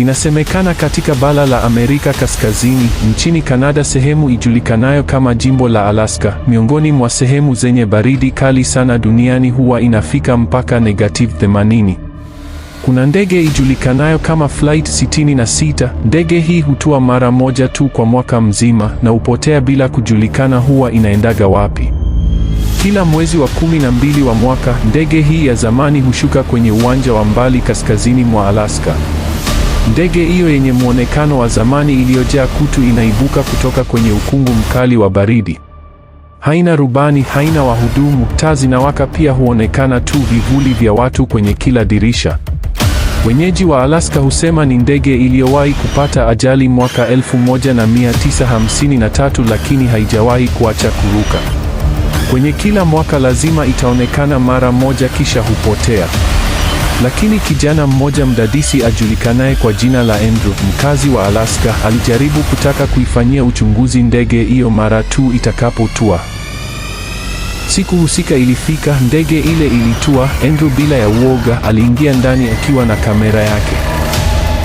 Inasemekana katika bara la Amerika Kaskazini, nchini Kanada, sehemu ijulikanayo kama jimbo la Alaska, miongoni mwa sehemu zenye baridi kali sana duniani, huwa inafika mpaka negative 80. Kuna ndege ijulikanayo kama Flight 66. Ndege hii hutua mara moja tu kwa mwaka mzima na hupotea bila kujulikana huwa inaendaga wapi. Kila mwezi wa kumi na mbili wa mwaka, ndege hii ya zamani hushuka kwenye uwanja wa mbali kaskazini mwa Alaska. Ndege hiyo yenye mwonekano wa zamani iliyojaa kutu inaibuka kutoka kwenye ukungu mkali wa baridi. Haina rubani, haina wahudumu, taa zinawaka pia huonekana tu vivuli vya watu kwenye kila dirisha. Wenyeji wa Alaska husema ni ndege iliyowahi kupata ajali mwaka 1953 lakini haijawahi kuacha kuruka. Kwenye kila mwaka lazima itaonekana mara moja kisha hupotea. Lakini kijana mmoja mdadisi ajulikanaye kwa jina la Andrew, mkazi wa Alaska, alijaribu kutaka kuifanyia uchunguzi ndege hiyo mara tu itakapotua. Siku husika ilifika, ndege ile ilitua. Andrew bila ya uoga aliingia ndani akiwa na kamera yake.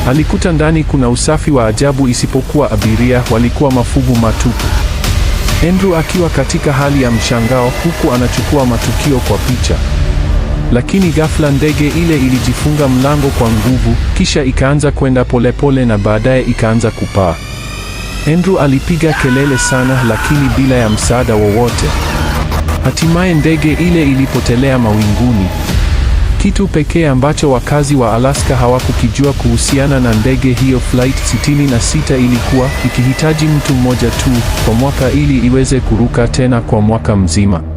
Alikuta ndani kuna usafi wa ajabu, isipokuwa abiria walikuwa mafuvu matupu. Andrew akiwa katika hali ya mshangao, huku anachukua matukio kwa picha. Lakini ghafla ndege ile ilijifunga mlango kwa nguvu, kisha ikaanza kwenda polepole na baadaye ikaanza kupaa. Andrew alipiga kelele sana, lakini bila ya msaada wowote. Hatimaye ndege ile ilipotelea mawinguni. Kitu pekee ambacho wakazi wa Alaska hawakukijua kuhusiana na ndege hiyo Flight 66 ilikuwa ikihitaji mtu mmoja tu kwa mwaka ili iweze kuruka tena kwa mwaka mzima.